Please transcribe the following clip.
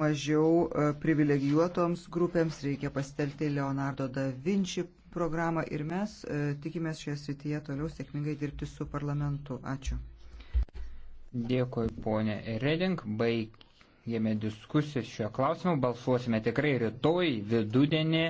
mažiau e, privilegijuotoms grupėms reikia pasitelti Leonardo da Vinci programą ir mes e, tikimės šioje srityje toliau sėkmingai dirbti su parlamentu. Ačiū. Dėkui, ponė Reding. Baigėme diskusiją šiuo klausimu. Balsuosime tikrai rytoj vidudienį.